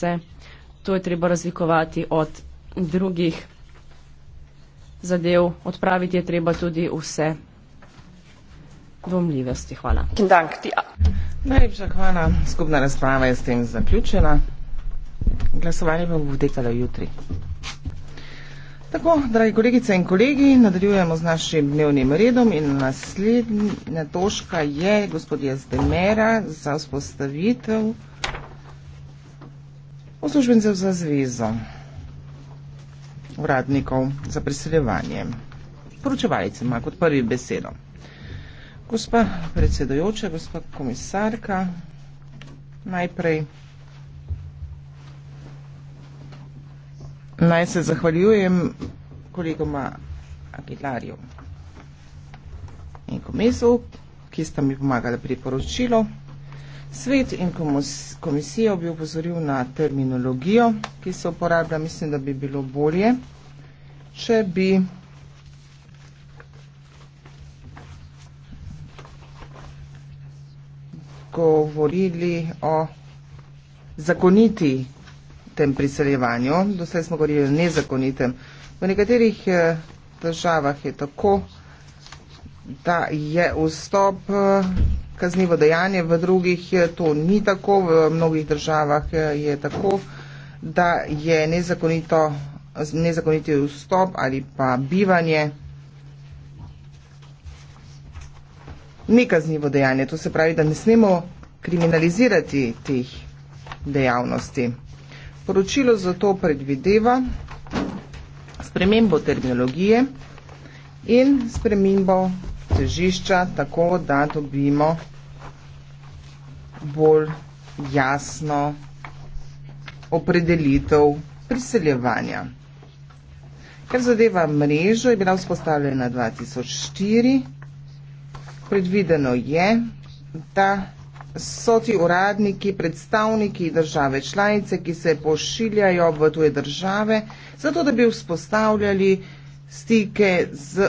se, to je treba razlikovati od drugih zadev, odpraviti je treba tudi vse domljivosti. Hvala. Najlepša hvala. Skupna razprava je s tem zaključena. Glasovanje bo potekalo jutri. Tako, dragi kolegice in kolegi, nadaljujemo z našim dnevnim redom in naslednja točka je gospod Jazdemera za vzpostavitev uslužbencev za zvezo, uradnikov za priseljevanje. Poročevalec ima kot prvi besedo. Gospa predsedojoča, gospa komisarka, najprej naj se zahvaljujem kolegoma Aguilarju in komisu, ki sta mi pomagala pri poročilu. Svet in komisijo bi upozoril na terminologijo, ki se uporablja. Mislim, da bi bilo bolje, če bi govorili o zakoniti tem priseljevanju. Doslej smo govorili o nezakonitem. V nekaterih eh, državah je tako, da je vstop eh, kaznivo dejanje, v drugih to ni tako, v mnogih državah eh, je tako, da je nezakoniti vstop ali pa bivanje ni kaznivo dejanje. To se pravi, da ne smemo kriminalizirati teh dejavnosti. Poročilo zato predvideva spremembo terminologije in spremembo terminologije težišča, tako da dobimo bolj jasno opredelitev priseljevanja. Ker zadeva mrežo je bila vzpostavljena 2004, predvideno je, da so ti uradniki, predstavniki države članice, ki se pošiljajo v tuje države, zato da bi vzpostavljali stike z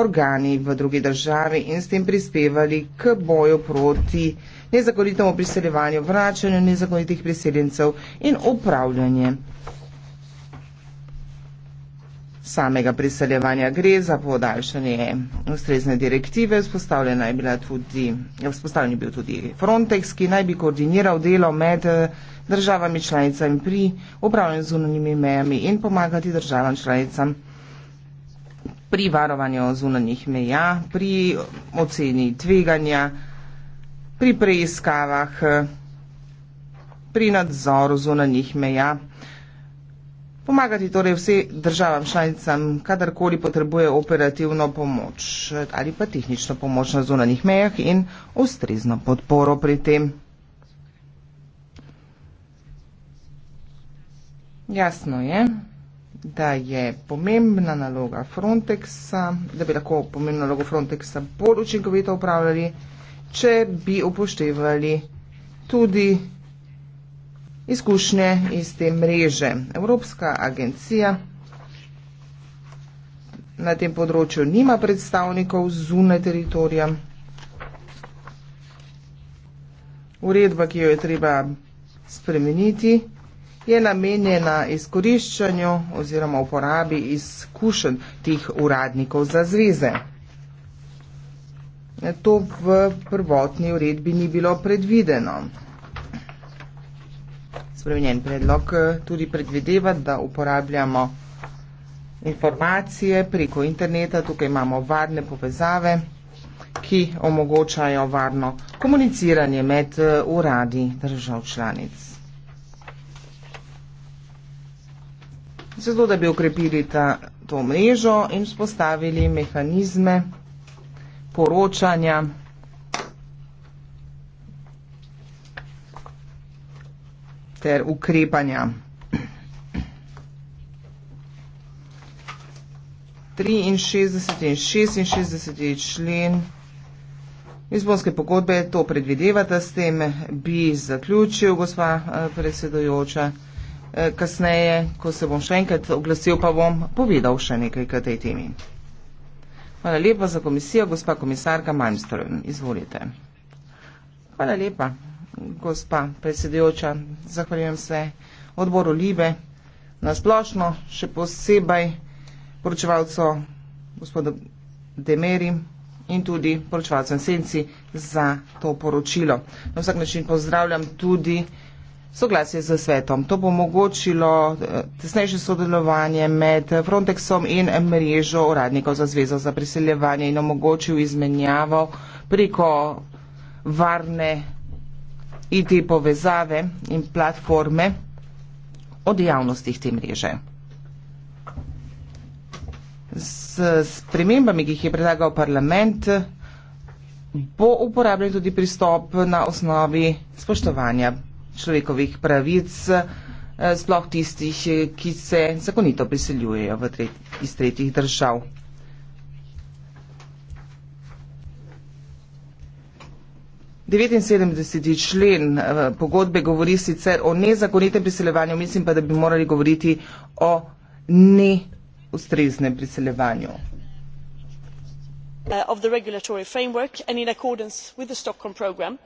organi v drugi državi in s tem prispevali k boju proti nezakonitemu priseljevanju, vračanju nezakonitih priseljencev in upravljanje samega priseljevanja. Gre za podaljšanje ustrezne direktive, vzpostavljen je bila tudi, vzpostavljen je bil tudi Frontex, ki naj bi koordiniral delo med državami članicami pri upravljanju zunanjimi mejami in pomagati državam članicam pri varovanju zunanjih meja, pri oceni tveganja, pri preiskavah, pri nadzoru zunanjih meja. Pomagati torej vse državam članicam, kadarkoli potrebuje operativno pomoč ali pa tehnično pomoč na zunanjih mejah in ustrezno podporo pri tem. Jasno je da je pomembna naloga Frontexa, da bi lahko pomembno nalogo Frontexa bolj učinkovito upravljali, če bi upoštevali tudi izkušnje iz te mreže. Evropska agencija na tem področju nima predstavnikov zunaj teritorija. Uredba, ki jo je treba spremeniti, je namenjena izkoriščanju oziroma uporabi izkušenj tih uradnikov za zveze. To v prvotni uredbi ni bilo predvideno. Spremenjen predlog eh, tudi predvideva, da uporabljamo informacije preko interneta, tukaj imamo varne povezave, ki omogočajo varno komuniciranje med eh, uradi držav članic. zato da bi ukrepili ta, to mrežo in spostavili mehanizme poročanja. ter ukrepanja. 63 in 66 člen izbonske pogodbe to predvidevate, s tem bi zaključil, gospa eh, predsedojoča. Eh, kasneje, ko se bom še enkrat oglasil, pa bom povedal še nekaj k tej temi. Hvala lepa za komisijo, gospa komisarka Malmström. Izvolite. Hvala lepa, gospa predsedujoča. Zahvaljujem se odboru Libe na splošno, še posebej poročevalcu gospodu Demeri in tudi poročevalcu Senci za to poročilo. Na vsak način pozdravljam tudi soglasje z svetom. To bo omogočilo eh, tesnejše sodelovanje med Frontexom in mrežo uradnikov za zvezo za priseljevanje in omogočil izmenjavo preko varne IT povezave in platforme o dejavnostih te mreže. S premembami, ki jih je predlagal parlament, bo uporabljen tudi pristop na osnovi spoštovanja človekovih pravic, eh, sploh tistih, eh, ki se zakonito priseljujejo tret, iz tretjih držav. Devetinsedemdeseti člen eh, pogodbe govori sicer o nezakonitem priseljevanju, mislim pa, da bi morali govoriti o neustreznem priseljevanju. Program,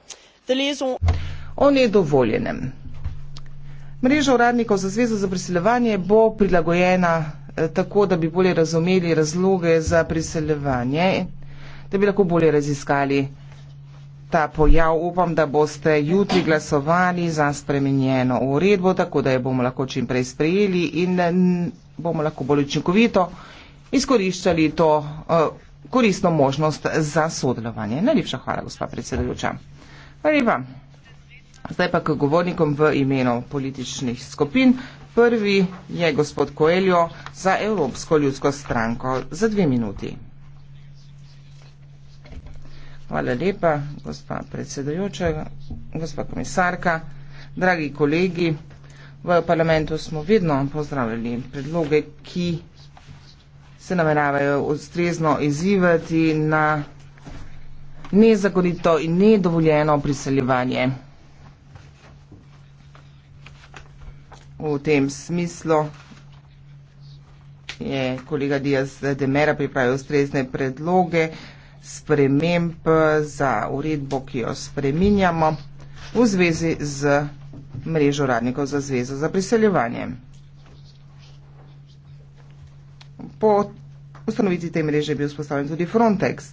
o nedovoljenem. Mreža uradnikov za Zvezo za priseljevanje bo prilagojena eh, tako, da bi bolje razumeli razloge za priseljevanje, da bi lahko bolje raziskali ta pojav. Upam, da boste jutri glasovali za spremenjeno uredbo, tako da jo bomo lahko čim prej sprejeli in eh, bomo lahko bolj učinkovito izkoriščali to eh, koristno možnost za sodelovanje. Najlepša hvala, gospa predsedujoča. Hvala lepa. Zdaj pa k govornikom v imenu političnih skupin. Prvi je gospod Koeljo za Evropsko ljudsko stranko za dve minuti. Hvala lepa, gospa predsedojoča, gospa komisarka, dragi kolegi. V parlamentu smo vedno pozdravljali predloge, ki se nameravajo ustrezno izzivati na nezakonito in nedovoljeno priseljevanje V tem smislu je kolega Dijas Demera pripravil ustrezne predloge sprememb za uredbo, ki jo spreminjamo v zvezi z mrežo radnikov za zvezo za priseljevanje. Po ustanovici te mreže je bil spostavljen tudi Frontex.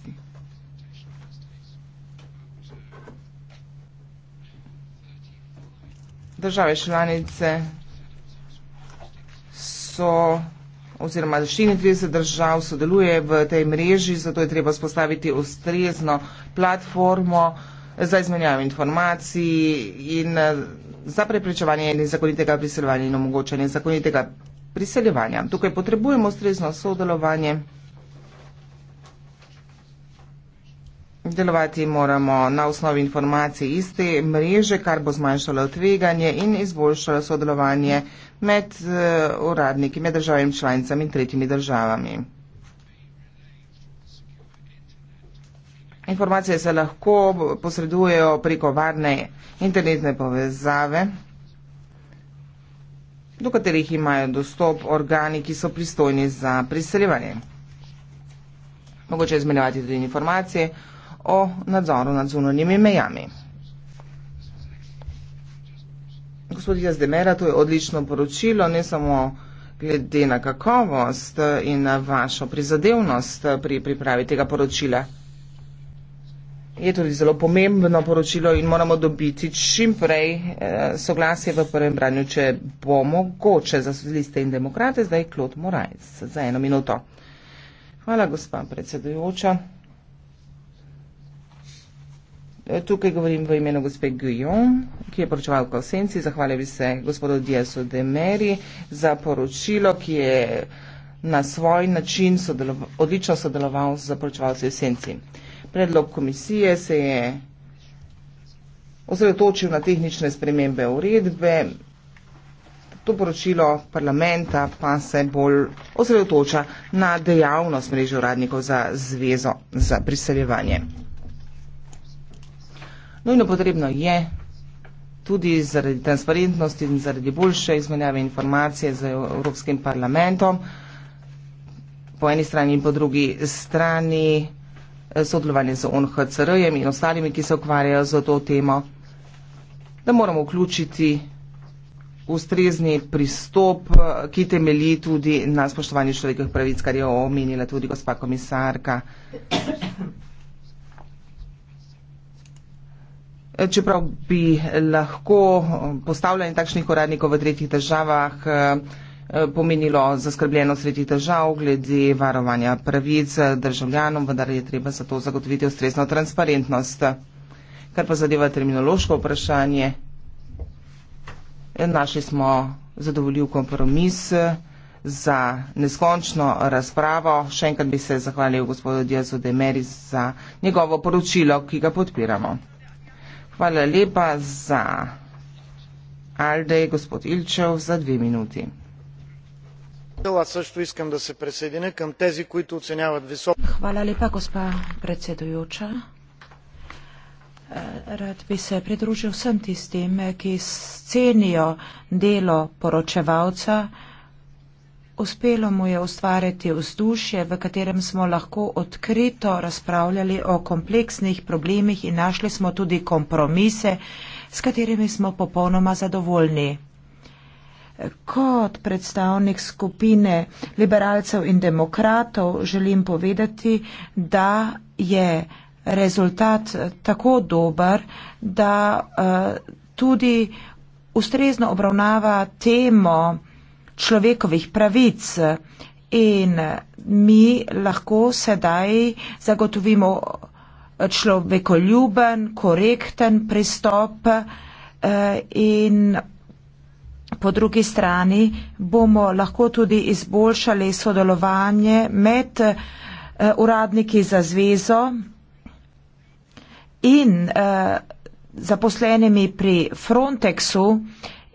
Države članice so, oziroma 34 držav sodeluje v tej mreži, zato je treba spostaviti ustrezno platformo za izmenjavo informacij in za preprečevanje nezakonitega priseljevanja in omogočanje zakonitega priseljevanja. Tukaj potrebujemo ustrezno sodelovanje. Delovati moramo na osnovi informacij iz te mreže, kar bo zmanjšalo tveganje in izboljšalo sodelovanje med eh, uradniki, med državim članicami in tretjimi državami. Informacije se lahko posredujejo preko varne internetne povezave, do katerih imajo dostop organi, ki so pristojni za priseljevanje. Mogoče izmenjevati tudi informacije o nadzoru nad zunanjimi mejami. Gospod Jazdemera, to je odlično poročilo, ne samo glede na kakovost in na vašo prizadevnost pri pripravi tega poročila. Je tudi zelo pomembno poročilo in moramo dobiti čim prej eh, soglasje v prvem branju, če bo mogoče za socialiste in demokrate. Zdaj Klod Morajc za eno minuto. Hvala, gospa predsedujoča. Tukaj govorim v imenu gospe Guillon, ki je poročevalka v Senci. Zahvalil bi se gospodu Diasu de Meri za poročilo, ki je na svoj način sodelov, odlično sodeloval z poročevalci v Senci. Predlog komisije se je osredotočil na tehnične spremembe uredbe. To poročilo parlamenta pa se bolj osredotoča na dejavnost mreže uradnikov za zvezo za priseljevanje. Nujno potrebno je tudi zaradi transparentnosti in zaradi boljše izmenjave informacije z Evropskim parlamentom, po eni strani in po drugi strani eh, sodelovanje z ONHCR-jem in ostalimi, ki se ukvarjajo z to temo, da moramo vključiti ustrezni pristop, eh, ki temelji tudi na spoštovanju človekovih pravic, kar je omenila tudi gospa komisarka. čeprav bi lahko postavljanje takšnih uradnikov v tretjih državah eh, pomenilo zaskrbljenost tretjih držav glede varovanja pravic državljanom, vendar je treba za to zagotoviti ustrezno transparentnost. Kar pa zadeva terminološko vprašanje, našli smo zadovoljiv kompromis eh, za neskončno razpravo. Še enkrat bi se zahvalil gospodu Diazu Demeri za njegovo poročilo, ki ga podpiramo. Hvala lepa za Aldej, gospod Ilčev, za dve minuti. Аз също искам да се присъединя към тези, които оценяват високо. Хваля лепа, госпа председуюча. Рад би се придружил съм ти с тим, ки сценио дело поручевалца, Uspelo mu je ustvariti vzdušje, v katerem smo lahko odkrito razpravljali o kompleksnih problemih in našli smo tudi kompromise, s katerimi smo popolnoma zadovoljni. Kot predstavnik skupine liberalcev in demokratov želim povedati, da je rezultat tako dober, da uh, tudi ustrezno obravnava temo, človekovih pravic in mi lahko sedaj zagotovimo človekoljuben, korekten pristop eh, in po drugi strani bomo lahko tudi izboljšali sodelovanje med eh, uradniki za zvezo in eh, zaposlenimi pri Frontexu,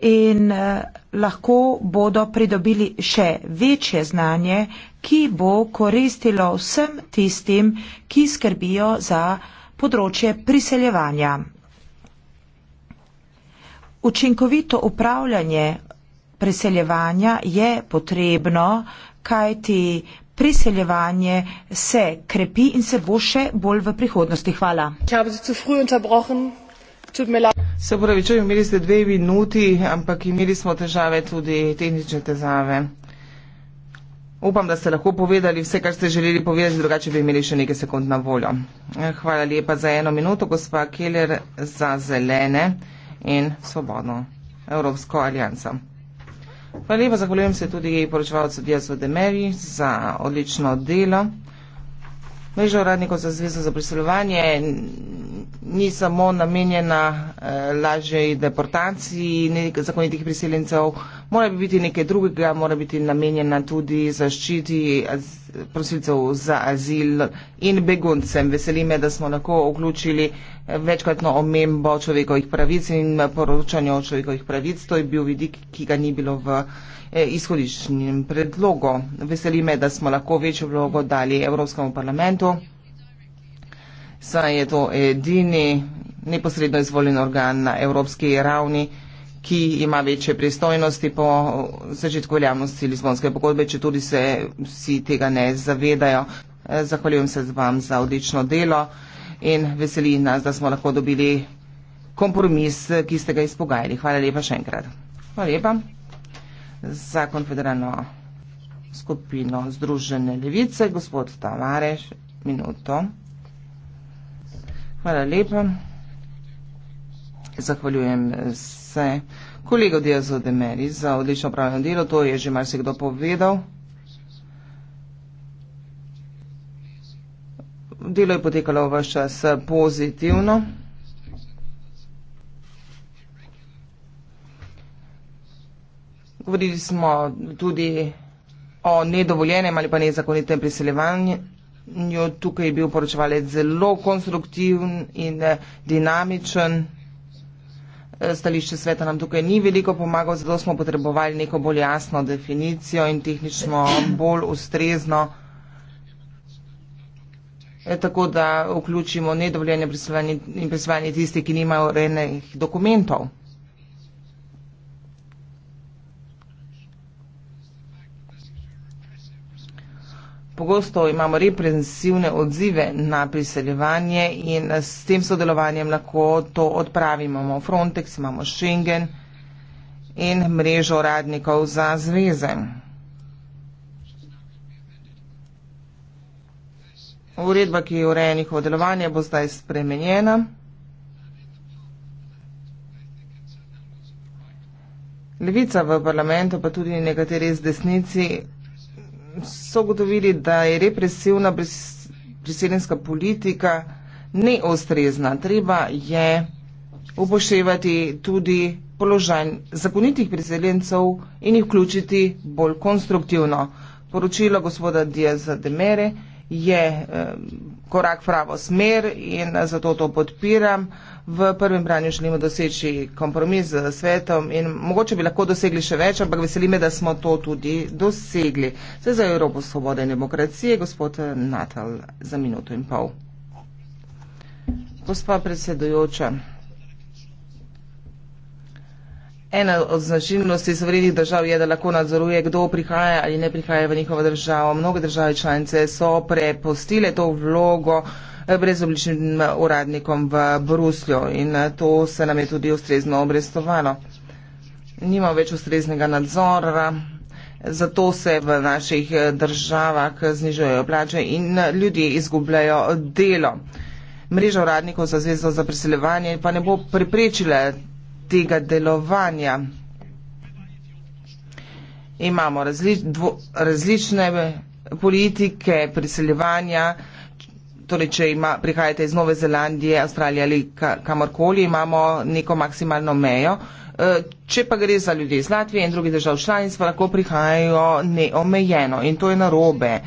in eh, lahko bodo pridobili še večje znanje, ki bo koristilo vsem tistim, ki skrbijo za področje priseljevanja. Učinkovito upravljanje priseljevanja je potrebno, kajti priseljevanje se krepi in se bo še bolj v prihodnosti. Hvala. Se pravi, če imeli ste dve minuti, ampak imeli smo težave, tudi tehnične težave. Upam, da ste lahko povedali vse, kar ste želeli povedati, drugače bi imeli še nekaj sekund na voljo. Hvala lepa za eno minuto, gospa Keller, za zelene in svobodno Evropsko alijanco. Hvala lepa, zahvaljujem se tudi poročevalcu Diaz Vodemeri za odlično delo. Mežo uradnikov za zvezo za priseljevanje ni samo namenjena eh, lažjej deportaciji zakonitih priseljencev, mora biti nekaj drugega, mora biti namenjena tudi zaščiti az, prosilcev za azil in beguncem. Veseli me, da smo lahko vključili eh, večkratno omembo človekovih pravic in eh, poročanje o človekovih pravic. To je bil vidik, ki ga ni bilo v eh, izhodišnjem predlogu. Veseli me, da smo lahko večjo vlogo dali Evropskemu parlamentu saj je to edini neposredno izvoljen organ na evropski ravni, ki ima večje pristojnosti po začetku veljavnosti Lizbonske pogodbe, če tudi se vsi tega ne zavedajo. Eh, zahvaljujem se vam za odlično delo in veseli nas, da smo lahko dobili kompromis, ki ste ga izpogajali. Hvala lepa še enkrat. Hvala lepa za konfederalno skupino Združene levice, gospod Tavareš, minuto. Hvala lepa. Zahvaljujem se kolegu Diazo Demeri za odlično upravljeno delo. To je že marsikdo povedal. Delo je potekalo v vaš čas pozitivno. Govorili smo tudi o nedovoljenem ali pa nezakonitem priseljevanju. Njo tukaj je bil poročevalec zelo konstruktivn in eh, dinamičen. Eh, stališče sveta nam tukaj ni veliko pomagalo, zato smo potrebovali neko bolj jasno definicijo in tehnično bolj ustrezno. Eh, tako da vključimo nedovoljene prisvajanje tiste, ki nimajo urejenih dokumentov. Pogosto imamo reprezentativne odzive na priseljevanje in s tem sodelovanjem lahko to odpravimo. Imamo Frontex, imamo Schengen in mrežo radnikov za zveze. Uredba, ki je ureja njihovo delovanje, bo zdaj spremenjena. Levica v parlamentu, pa tudi nekateri iz desnici, so ugotovili, da je represivna priseljenska politika neostrezna. Treba je upoštevati tudi položaj zakonitih priseljencev in jih vključiti bolj konstruktivno. Poročilo gospoda Diaz-Demere je eh, korak v pravo smer in zato to podpiram. V prvem branju želimo doseči kompromis z svetom in mogoče bi lahko dosegli še več, ampak veseli me, da smo to tudi dosegli. Se za Evropo svobode in demokracije, gospod Natal, za minuto in pol. Gospa predsedujoča. Ena od značilnosti sovrednih držav je, da lahko nadzoruje, kdo prihaja ali ne prihaja v njihovo državo. Mnoge države članice so prepustile to vlogo brezobličnim uradnikom v Bruslju in to se nam je tudi ustrezno obrestovalo. Nima več ustreznega nadzora, zato se v naših državah znižujejo plače in ljudje izgubljajo delo. Mreža uradnikov za zvezdo za priseljevanje pa ne bo preprečila tega delovanja. Imamo razli dvo, različne politike priseljevanja, torej če ima, prihajate iz Nove Zelandije, Avstralije ali ka, kamorkoli, imamo neko maksimalno mejo. E, če pa gre za ljudi iz Latvije in drugih držav članic, pa lahko prihajajo neomejeno in to je narobe.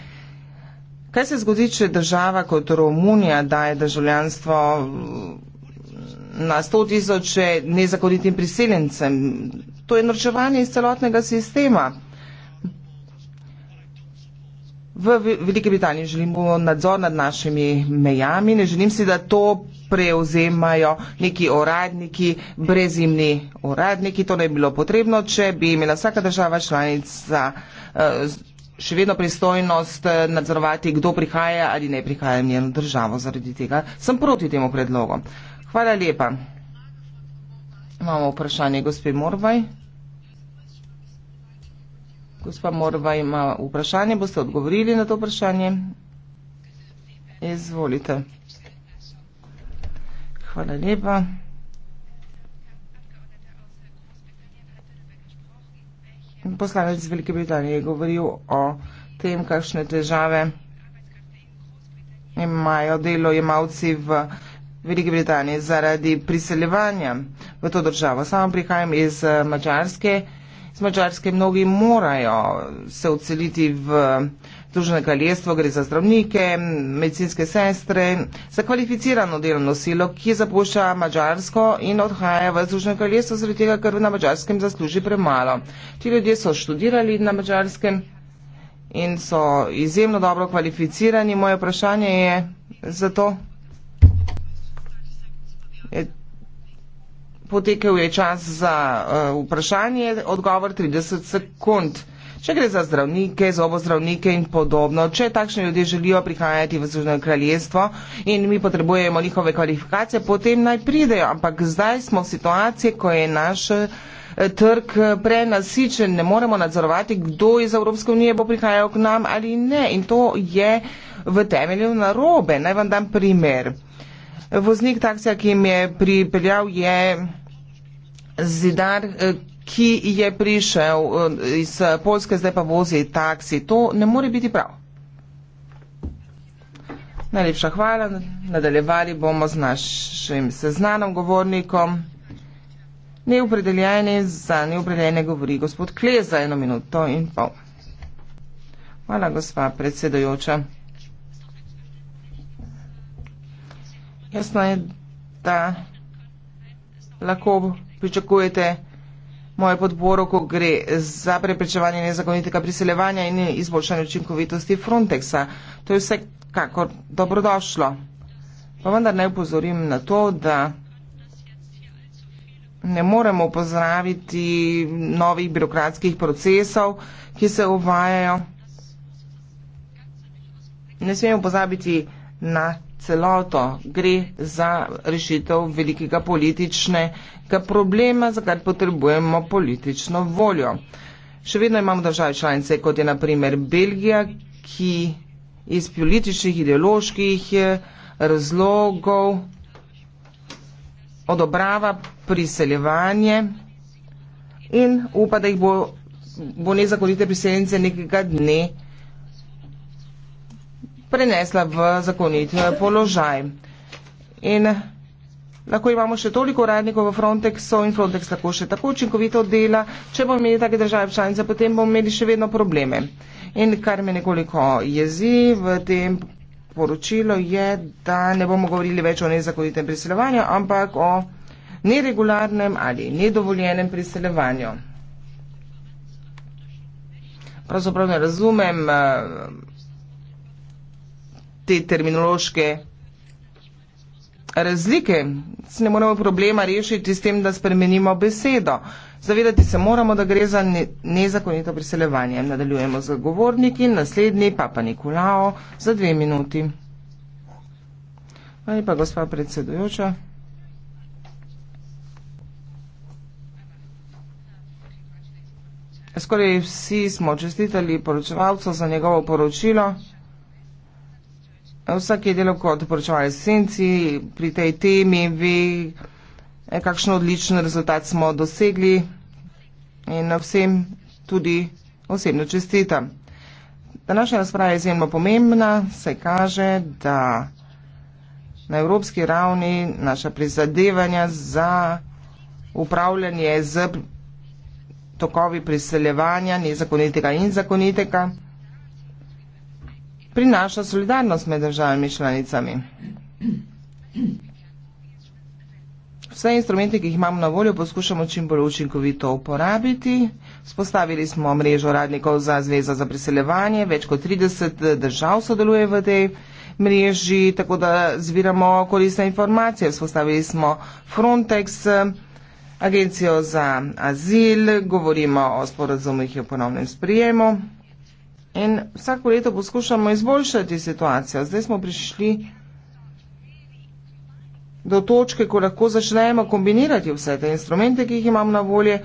Kaj se zgodi, če država kot Romunija daje državljanstvo na 100 tisoče nezakonitim priseljencem. To je norčevanje iz celotnega sistema. V Veliki Britaniji želimo nadzor nad našimi mejami, ne želim si, da to prevzemajo neki uradniki, brezimni uradniki. To ne bi bilo potrebno, če bi imela vsaka država članica eh, še vedno pristojnost eh, nadzorovati, kdo prihaja ali ne prihaja v njeno državo. Zaradi tega sem proti temu predlogu. Hvala lepa. Imamo vprašanje gospe Morvaj. Gospa Morvaj ima vprašanje, boste odgovorili na to vprašanje? Izvolite. Hvala lepa. Poslanec iz Velike Britanije je govoril o tem, kakšne težave imajo delojemalci v Britaniji. Velike Britanije zaradi priseljevanja v to državo. Sama prihajam iz eh, Mačarske. Z Mačarske mnogi morajo se odseliti v družbeno kraljestvo, gre za zdravnike, medicinske sestre, za kvalificirano delovno silo, ki zapušča Mačarsko in odhaja v družbeno kraljestvo, zaradi tega, ker na Mačarskem zasluži premalo. Ti ljudje so študirali na Mačarskem in so izjemno dobro kvalificirani. Moje vprašanje je za to. E, potekel je čas za uh, vprašanje, odgovor 30 sekund. Če gre za zdravnike, zobozdravnike in podobno, če takšne ljudje želijo prihajati v Združeno kraljestvo in mi potrebujemo njihove kvalifikacije, potem naj pridejo. Ampak zdaj smo v situaciji, ko je naš e, trg prenasičen, ne moremo nadzorovati, kdo iz Evropske unije bo prihajal k nam ali ne. In to je v temelju narobe. Naj vam dam primer. Voznik taksija, ki jim je pripeljal, je zidar, eh, ki je prišel eh, iz Polske, zdaj pa vozi taksi. To ne more biti prav. Najlepša hvala. Nadaljevali bomo z našim seznanom govornikom. Neupredeljene za neupredeljene govori gospod Kle za eno minuto in pol. Hvala, gospa predsedojoča. Jasno je, da lahko pričakujete moje podporo, ko gre za preprečevanje nezakonitega priseljevanja in izboljšanje učinkovitosti Frontexa. To je vsekakor dobrodošlo. Pa vendar ne upozorim na to, da ne moremo pozdraviti novih birokratskih procesov, ki se uvajajo. Ne smemo pozabiti, da na celoto. Gre za rešitev velikega političnega problema, za kar potrebujemo politično voljo. Še vedno imamo države članice, kot je naprimer Belgija, ki iz političnih ideoloških eh, razlogov odobrava priseljevanje in upa, da jih bo, bo nezakonite priseljence nekega dne prenesla v zakonit eh, položaj. In lahko imamo še toliko uradnikov v Frontexu in Frontex lahko še tako učinkovito dela, če bomo imeli take države članice, potem bomo imeli še vedno probleme. In kar me nekoliko jezi v tem poročilu je, da ne bomo govorili več o nezakonitem priseljevanju, ampak o neregularnem ali nedovoljenem priseljevanju. Pravzaprav ne razumem. Uh, te terminološke razlike. Se ne moremo problema rešiti s tem, da spremenimo besedo. Zavedati se moramo, da gre za ne, nezakonito priseljevanje. Nadaljujemo z govorniki, naslednji papa Nikolao za dve minuti. Ali pa gospa predsedujoča. Skoraj vsi smo čestitali poročevalcu za njegovo poročilo. Vsak je delal kot poročevalec senci pri tej temi, ve, eh, kakšen odličen rezultat smo dosegli in na vsem tudi osebno čestitam. Današnja razprava je izjemno pomembna, se kaže, da na evropski ravni naša prizadevanja za upravljanje z tokovi priseljevanja nezakonitega in zakonitega prinaša solidarnost med državami članicami. Vse instrumente, ki jih imamo na voljo, poskušamo čim bolj učinkovito uporabiti. Spostavili smo mrežo radnikov za Zvezo za priseljevanje, več kot 30 držav sodeluje v tej mreži, tako da zbiramo koristne informacije. Spostavili smo Frontex, agencijo za azil, govorimo o sporazumih in ponovnem sprijemu in vsako leto poskušamo izboljšati situacijo. Zdaj smo prišli do točke, ko lahko začnemo kombinirati vse te instrumente, ki jih imam na volje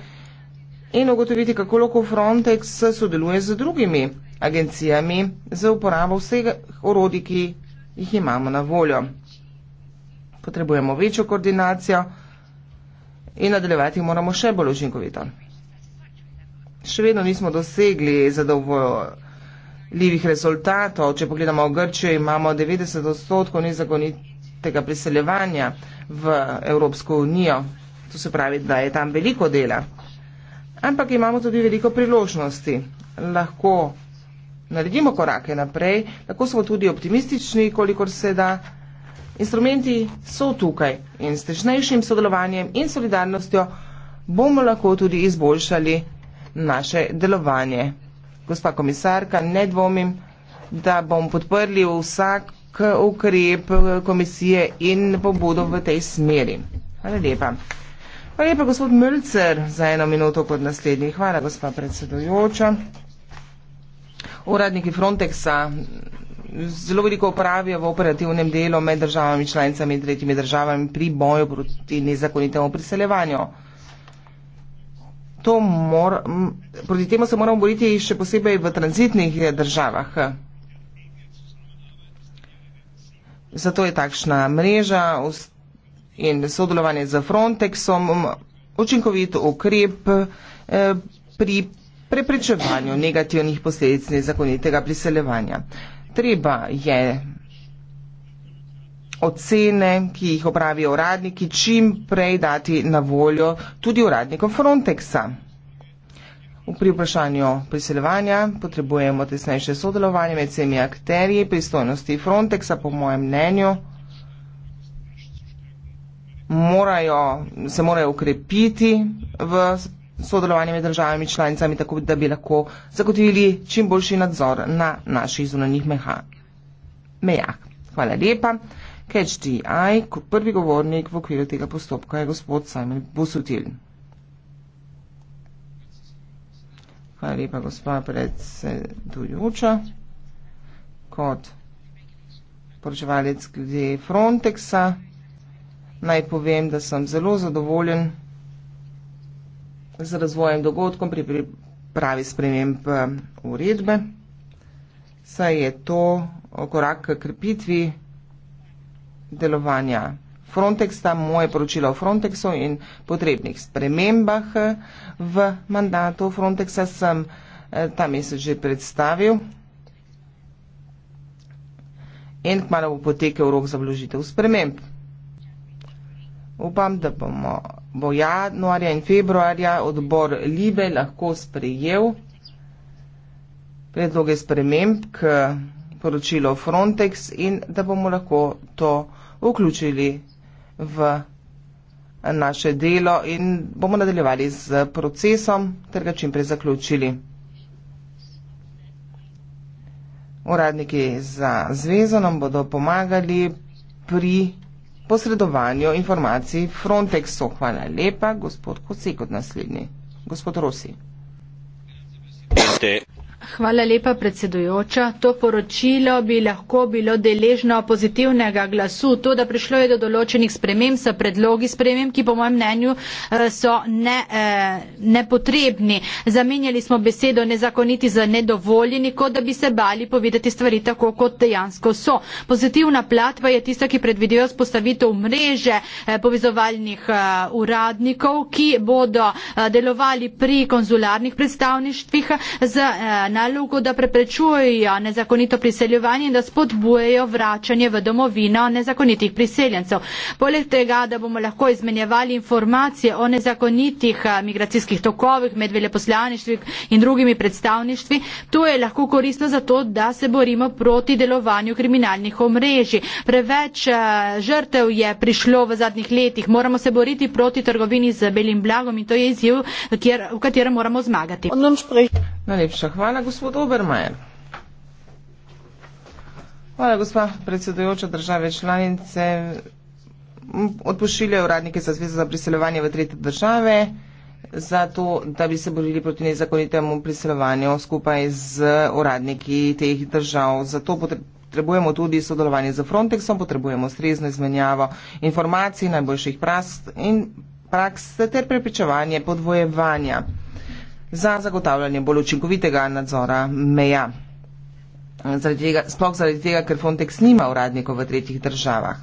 in ugotoviti, kako lahko Frontex sodeluje z drugimi agencijami za uporabo vseh orodij, ki jih imamo na voljo. Potrebujemo večjo koordinacijo in nadaljevati moramo še bolj učinkovito. Še vedno nismo dosegli zadovoljstva ljivih rezultatov. Če pogledamo v Grčijo, imamo 90 odstotkov nezakonitega priseljevanja v Evropsko unijo. To se pravi, da je tam veliko dela. Ampak imamo tudi veliko priložnosti. Lahko naredimo korake naprej, lahko smo tudi optimistični, kolikor se da. Instrumenti so tukaj in s težnejšim sodelovanjem in solidarnostjo bomo lahko tudi izboljšali naše delovanje gospa komisarka, ne dvomim, da bom podprli vsak ukrep komisije in pobudo v tej smeri. Hvala lepa. Hvala lepa, gospod Mülcer, za eno minuto kot naslednji. Hvala, gospa predsedujoča. Uradniki Frontexa zelo veliko upravijo v operativnem delu med državami članicami in tretjimi državami pri boju proti nezakonitemu priseljevanju mor, proti temu se moramo boriti še posebej v transitnih eh, državah. Zato je takšna mreža in sodelovanje z Frontexom učinkovit ukrep eh, pri preprečevanju negativnih posledic nezakonitega priseljevanja. Treba je ocene, ki jih opravijo uradniki, čim prej dati na voljo tudi uradnikom Frontexa. Pri vprašanju priseljevanja potrebujemo tesnejše sodelovanje med vsemi akterji, pristojnosti Frontexa, po mojem mnenju, morajo, se morajo ukrepiti v sodelovanje med državami članicami, tako da bi lahko zagotovili čim boljši nadzor na naših zunanjih mehah. Hvala lepa. Catch the Eye, kot prvi govornik v okviru tega postopka je gospod Simon Busutil. Hvala lepa, gospa predsedujoča. Kot poročevalec glede Frontexa naj povem, da sem zelo zadovoljen z razvojem dogodkom pri pripravi sprememb eh, uredbe, saj je to korak k krepitvi delovanja Frontexa, moje poročilo o Frontexu in potrebnih spremembah eh, v mandatu Frontexa sem eh, ta mesec že predstavil. In kmalo bo potekel rok za vložitev sprememb. Upam, da bomo bo januarja in februarja odbor Libe lahko sprejel predloge sprememb k poročilo Frontex in da bomo lahko to vložili vključili v naše delo in bomo nadaljevali z procesom ter ga čim prej zaključili. Uradniki za zvezo nam bodo pomagali pri posredovanju informacij Frontexu. Hvala lepa, gospod Kosek od naslednji. Gospod Rosi. Hvala lepa, predsedujoča. To poročilo bi lahko bilo deležno pozitivnega glasu. To, da prišlo je do določenih sprememb, so predlogi sprememb, ki po mojem mnenju eh, so ne, eh, nepotrebni. Zamenjali smo besedo nezakoniti za nedovoljeni, kot da bi se bali povedati stvari tako, kot dejansko so. Pozitivna platva je tista, ki predvideva spostavitev mreže eh, povezovalnih uradnikov, ki bodo delovali pri konzularnih predstavništvih z nalogo, da preprečujejo nezakonito priseljevanje in da spodbujejo vračanje v domovino nezakonitih priseljencev. Poleg tega, da bomo lahko izmenjevali informacije o nezakonitih eh, migracijskih tokovih med veleposlaništvi in drugimi predstavništvi, to je lahko koristno za to, da se borimo proti delovanju kriminalnih omrežij. Preveč eh, žrtev je prišlo v zadnjih letih. Moramo se boriti proti trgovini z belim blagom in to je izjiv, v katerem moramo zmagati. Najlepša hvala gospod Obermajer. Hvala, gospa predsedujoča države članice. Odpošiljajo uradnike za zvezo za priseljevanje v tretje države, zato da bi se borili proti nezakonitemu priseljevanju skupaj z uradniki teh držav. Zato potrebujemo tudi sodelovanje z Frontexom, potrebujemo strezno izmenjavo informacij, najboljših praks, in praks ter prepričevanje podvojevanja za zagotavljanje bolj učinkovitega nadzora meja. Zaradi tega, sploh zaradi tega, ker Frontex nima uradnikov v tretjih državah.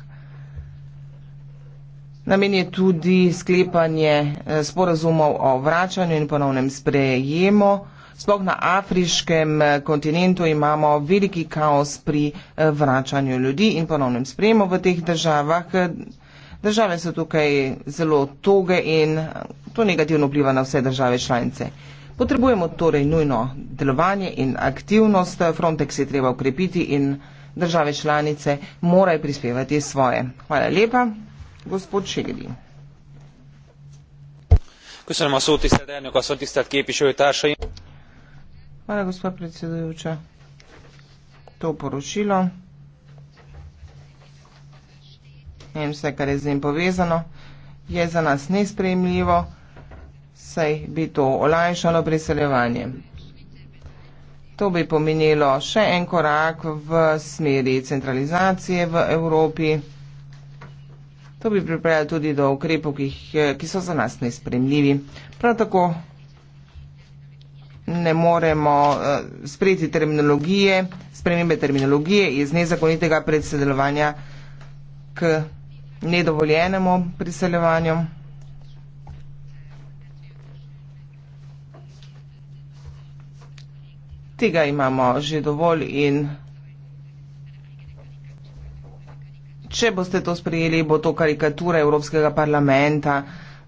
Namen je tudi sklepanje eh, sporazumov o vračanju in ponovnem sprejemu. Sploh na afriškem eh, kontinentu imamo veliki kaos pri eh, vračanju ljudi in ponovnem sprejemu v teh državah. Države so tukaj zelo toge in to negativno vpliva na vse države članice. Potrebujemo torej nujno delovanje in aktivnost, Frontex je treba ukrepiti in države članice morajo prispevati svoje. Hvala lepa, gospod Šegedi. Köszönöm a szót, tisztelt elnök, a szót, tisztelt képviselőtársaim. Hvala, gospod predsedujúča. To poročilo. Nem vse, kar je z njim povezano, je za nas nespremljivo saj bi to olajšalo priseljevanje. To bi pomenilo še en korak v smeri centralizacije v Evropi. To bi pripravljalo tudi do ukrepov, ki, ki so za nas nespremljivi. Prav tako ne moremo eh, sprejeti terminologije, spremembe terminologije iz nezakonitega predsedelovanja k nedovoljenemu priseljevanju. tega imamo že dovolj in če boste to sprejeli, bo to karikatura Evropskega parlamenta,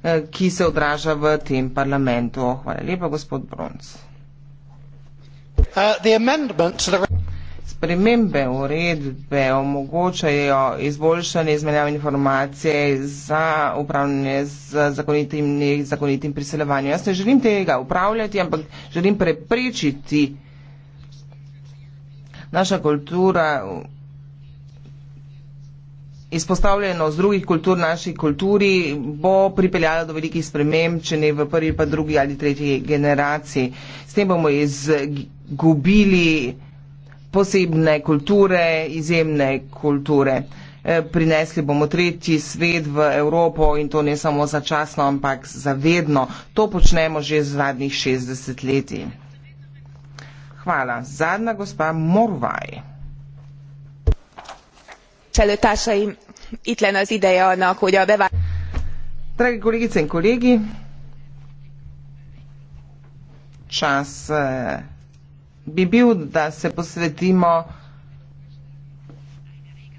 eh, ki se odraža v tem parlamentu. Hvala lepa, gospod Bronc. Uh, Spremembe uredbe omogočajo izboljšanje izmenjav informacije za upravljanje z zakonitim, zakonitim priseljevanjem. Jaz ne želim tega upravljati, ampak želim preprečiti naša kultura izpostavljenost drugih kultur naši kulturi bo pripeljala do velikih sprememb, če ne v prvi pa drugi ali tretji generaciji. S tem bomo izgubili posebne kulture, izjemne kulture. E, prinesli bomo tretji svet v Evropo in to ne samo začasno, ampak zavedno. To počnemo že zadnjih 60 leti. Hvala. Zadnja gospa Morvaj. Selőtársaim, itt lenne az ideje annak, hogy a bevá... Dragi kollégice in kollégi, čas eh, bi bil, da se posvetimo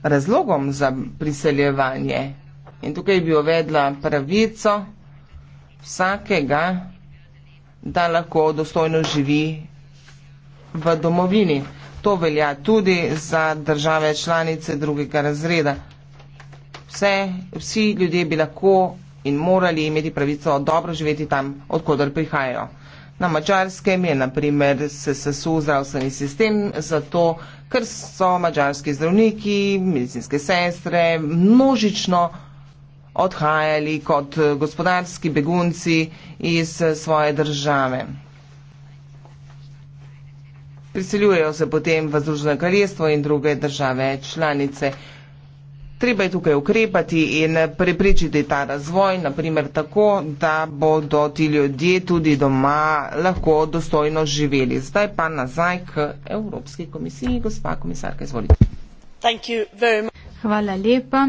razlogom za priseljevanje. In tukaj bi uvedla pravico vsakega, da lahko dostojno živi v domovini. To velja tudi za države članice drugega razreda. Vse, vsi ljudje bi lahko in morali imeti pravico dobro živeti tam, odkudar prihajajo. Na mačarskem je naprimer se sesul zdravstveni sistem, zato ker so mačarski zdravniki, medicinske sestre množično odhajali kot gospodarski begunci iz svoje države priseljujejo se potem v Združeno kraljestvo in druge države članice. Treba je tukaj ukrepati in preprečiti ta razvoj, naprimer tako, da bodo ti ljudje tudi doma lahko dostojno živeli. Zdaj pa nazaj k Evropski komisiji. Gospa komisarka, izvolite. Hvala lepa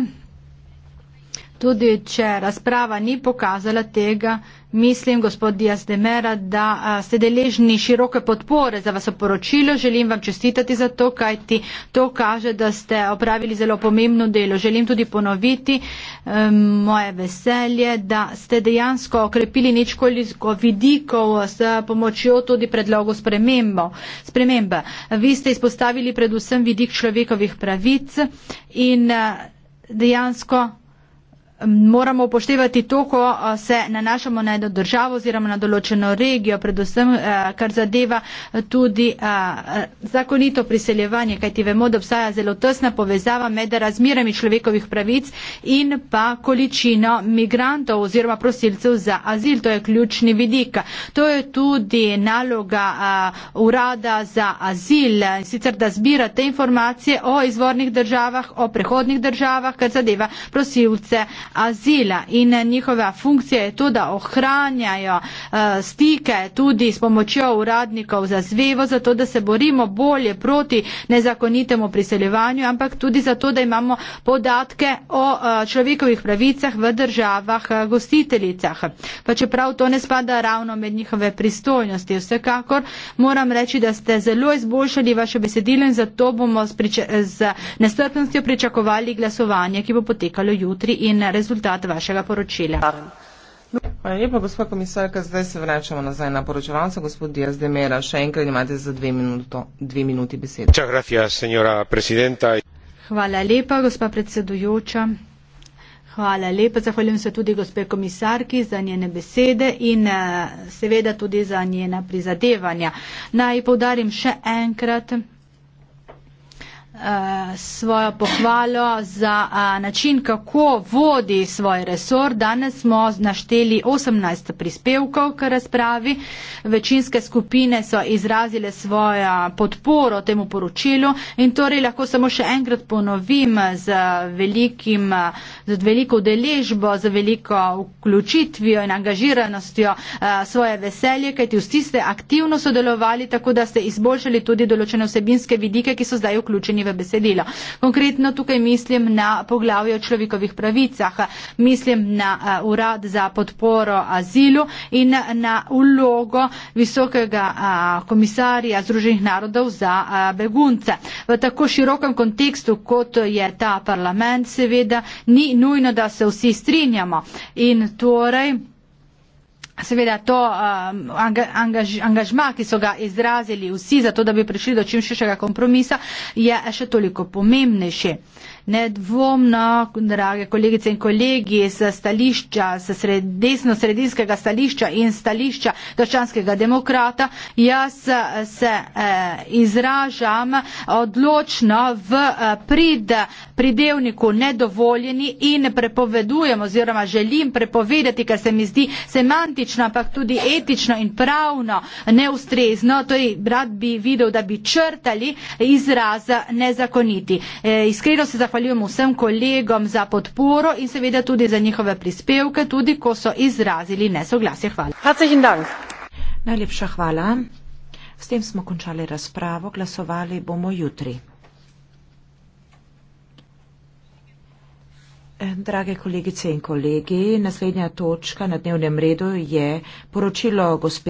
tudi če razprava ni pokazala tega, mislim, gospod Dias de Mera, da a, ste deležni široke podpore za vaše poročilo. Želim vam čestitati za to, kaj ti to kaže, da ste opravili zelo pomembno delo. Želim tudi ponoviti um, moje veselje, da ste dejansko okrepili ničkoliko vidikov s pomočjo tudi predlogu spremembe. Vi ste izpostavili predvsem vidik človekovih pravic in a, dejansko moramo upoštevati to, ko eh, se nanašamo na eno državo oziroma na določeno regijo, predvsem eh, kar zadeva eh, tudi zakonito priseljevanje, kajti vemo, da obstaja zelo tesna povezava med razmerami človekovih pravic in pa količino migrantov oziroma prosilcev za azil. To je ključni vidik. To je tudi naloga urada za azil, sicer da zbira te informacije o izvornih državah, o prehodnih državah, kar zadeva prosilce azila in njihova funkcija je to, da ohranjajo eh, stike tudi s pomočjo uradnikov za zvevo, zato da se borimo bolje proti nezakonitemu priseljevanju, ampak tudi zato, da imamo podatke o eh, človekovih pravicah v državah eh, gostiteljicah. Pa čeprav to ne spada ravno med njihove pristojnosti, vsekakor moram reči, da ste zelo izboljšali vaše besedilo in zato bomo z, priča, z nestrpnostjo pričakovali glasovanje, ki bo potekalo jutri in rezultat vašega poročila. Hvala lepa, gospod komisarka. Zdaj se vračamo nazaj na poročevalca, gospod Diaz de Mera. Še enkrat imate za dve, minuto, dve minuti besedo. Hvala lepa, gospa predsedujoča. Hvala lepa, zahvaljujem se tudi gospe komisarki za njene besede in eh, seveda tudi za njena prizadevanja. Naj povdarim še enkrat. Eh, svojo pohvalo za eh, način, kako vodi svoj resor. Danes smo našteli 18 prispevkov k razpravi. Večinske skupine so izrazile svojo podporo temu poročilu in torej lahko samo še enkrat ponovim z, velikim, z veliko deležbo, z veliko vključitvijo in angažiranostjo eh, svoje veselje, kajti vsi ste aktivno sodelovali, tako da ste izboljšali tudi določene vsebinske vidike, ki so zdaj vključeni v besedilo. Konkretno tukaj mislim na poglavje o človekovih pravicah, mislim na uh, urad za podporo azilu in na ulogo visokega uh, komisarja Združenih narodov za uh, begunce. V tako širokem kontekstu, kot je ta parlament, seveda ni nujno, da se vsi strinjamo. In torej, Seveda, to um, angaž, angažma, ki so ga izrazili vsi, zato da bi prišli do čim širšega kompromisa, je še toliko pomembnejši. Uh, Nedvomno, drage kolegice in kolegi, s stališča, s sred, desno-sredinskega stališča in stališča krščanskega demokrata, jaz se eh, izražam odločno v eh, prid pridevniku nedovoljeni in prepovedujem oziroma želim prepovedati, ker se mi zdi semantično, ampak tudi etično in pravno neustrezno, to je rad bi videl, da bi črtali izraz nezakoniti. Eh, zahvaljujem vsem kolegom za podporo in seveda tudi za njihove prispevke, tudi ko so izrazili nesoglasje. Hvala. Najlepša hvala. S tem smo končali razpravo, glasovali bomo jutri. Eh, drage kolegice in kolegi, naslednja točka na dnevnem redu je poročilo gospe.